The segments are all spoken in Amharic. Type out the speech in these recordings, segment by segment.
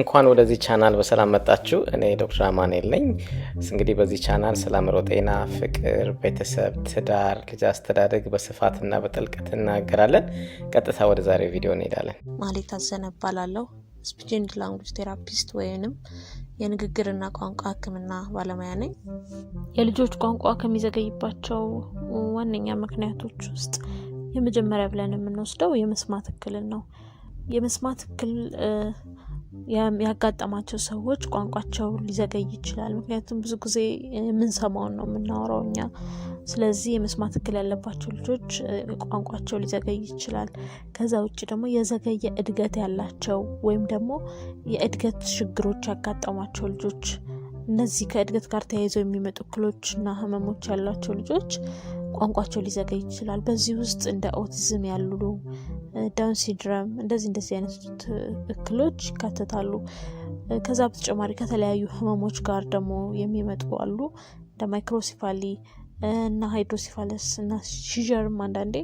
እንኳን ወደዚህ ቻናል በሰላም መጣችሁ። እኔ ዶክተር አማኔል ነኝ። እንግዲህ በዚህ ቻናል ስለ አምሮ ጤና፣ ፍቅር፣ ቤተሰብ፣ ትዳር፣ ልጅ አስተዳደግ በስፋትና በጥልቀት እናገራለን። ቀጥታ ወደ ዛሬው ቪዲዮ እንሄዳለን። ማሌት አዘነ ባላለሁ ስፒች ላንጉጅ ቴራፒስት ወይንም የንግግርና ቋንቋ ህክምና ባለሙያ ነኝ። የልጆች ቋንቋ ከሚዘገይባቸው ዋነኛ ምክንያቶች ውስጥ የመጀመሪያ ብለን የምንወስደው የመስማት እክልን ነው። የመስማት እክል ያጋጠማቸው ሰዎች ቋንቋቸው ሊዘገይ ይችላል። ምክንያቱም ብዙ ጊዜ የምንሰማውን ነው የምናወራው እኛ። ስለዚህ የመስማት እክል ያለባቸው ልጆች ቋንቋቸው ሊዘገይ ይችላል። ከዛ ውጭ ደግሞ የዘገየ እድገት ያላቸው ወይም ደግሞ የእድገት ችግሮች ያጋጠሟቸው ልጆች እነዚህ ከእድገት ጋር ተያይዘው የሚመጡ እክሎችና ህመሞች ያሏቸው ልጆች ቋንቋቸው ሊዘጋ ይችላል። በዚህ ውስጥ እንደ ኦቲዝም ያሉ ዳውን ሲድረም እንደዚህ እንደዚህ አይነት እክሎች ይካተታሉ። ከዛ በተጨማሪ ከተለያዩ ህመሞች ጋር ደግሞ የሚመጡ አሉ እንደ ማይክሮሲፋሊ እና ሃይድሮሲፋለስ እና ሲዠርም አንዳንዴ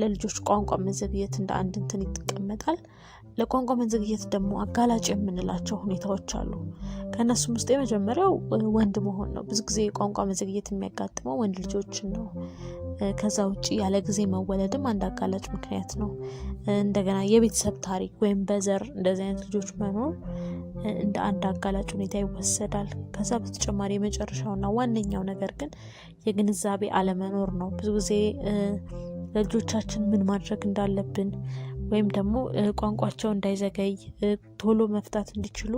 ለልጆች ቋንቋ መዘግየት እንደ አንድ እንትን ይቀመጣል። ለቋንቋ መዘግየት ደግሞ አጋላጭ የምንላቸው ሁኔታዎች አሉ። ከእነሱም ውስጥ የመጀመሪያው ወንድ መሆን ነው። ብዙ ጊዜ ቋንቋ መዘግየት የሚያጋጥመው ወንድ ልጆችን ነው። ከዛ ውጭ ያለ ጊዜ መወለድም አንድ አጋላጭ ምክንያት ነው። እንደገና የቤተሰብ ታሪክ ወይም በዘር እንደዚህ አይነት ልጆች መኖር እንደ አንድ አጋላጭ ሁኔታ ይወሰዳል። ከዛ በተጨማሪ የመጨረሻውና ዋነኛው ነገር ግን የግንዛቤ አለመኖር ነው። ብዙ ጊዜ ለልጆቻችን ምን ማድረግ እንዳለብን ወይም ደግሞ ቋንቋቸው እንዳይዘገይ ቶሎ መፍታት እንዲችሉ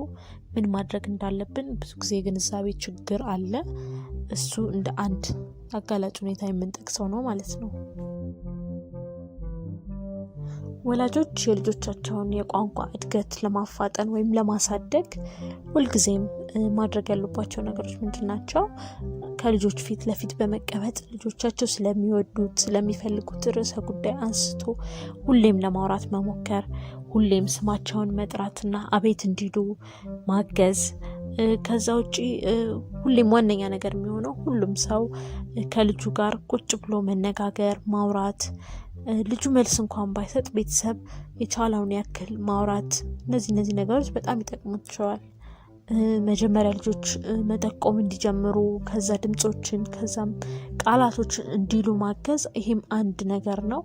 ምን ማድረግ እንዳለብን ብዙ ጊዜ የግንዛቤ ችግር አለ። እሱ እንደ አንድ አጋላጭ ሁኔታ የምንጠቅሰው ነው ማለት ነው። ወላጆች የልጆቻቸውን የቋንቋ እድገት ለማፋጠን ወይም ለማሳደግ ሁልጊዜም ማድረግ ያሉባቸው ነገሮች ምንድን ናቸው? ከልጆች ፊት ለፊት በመቀመጥ ልጆቻቸው ስለሚወዱት ስለሚፈልጉት ርዕሰ ጉዳይ አንስቶ ሁሌም ለማውራት መሞከር፣ ሁሌም ስማቸውን መጥራትና አቤት እንዲሉ ማገዝ። ከዛ ውጪ ሁሌም ዋነኛ ነገር የሚሆነው ሁሉም ሰው ከልጁ ጋር ቁጭ ብሎ መነጋገር፣ ማውራት ልጁ መልስ እንኳን ባይሰጥ ቤተሰብ የቻለውን ያክል ማውራት። እነዚህ እነዚህ ነገሮች በጣም ይጠቅሙቸዋል። መጀመሪያ ልጆች መጠቆም እንዲጀምሩ ከዛ ድምፆችን ከዛም ቃላቶችን እንዲሉ ማገዝ፣ ይሄም አንድ ነገር ነው።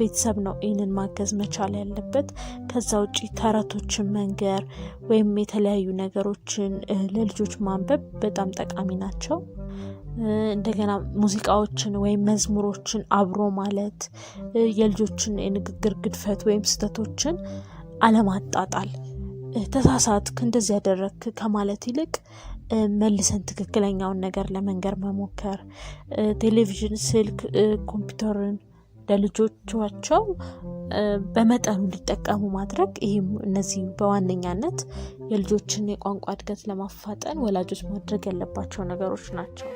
ቤተሰብ ነው ይህንን ማገዝ መቻል ያለበት። ከዛ ውጭ ተረቶችን መንገር ወይም የተለያዩ ነገሮችን ለልጆች ማንበብ በጣም ጠቃሚ ናቸው። እንደገና ሙዚቃዎችን ወይም መዝሙሮችን አብሮ ማለት የልጆችን የንግግር ግድፈት ወይም ስህተቶችን አለማጣጣል ተሳሳትክ፣ እንደዚህ ያደረግክ ከማለት ይልቅ መልሰን ትክክለኛውን ነገር ለመንገር መሞከር። ቴሌቪዥን፣ ስልክ፣ ኮምፒውተርን ለልጆቻቸው በመጠኑ እንዲጠቀሙ ማድረግ። ይህም እነዚህ በዋነኛነት የልጆችን የቋንቋ እድገት ለማፋጠን ወላጆች ማድረግ ያለባቸው ነገሮች ናቸው።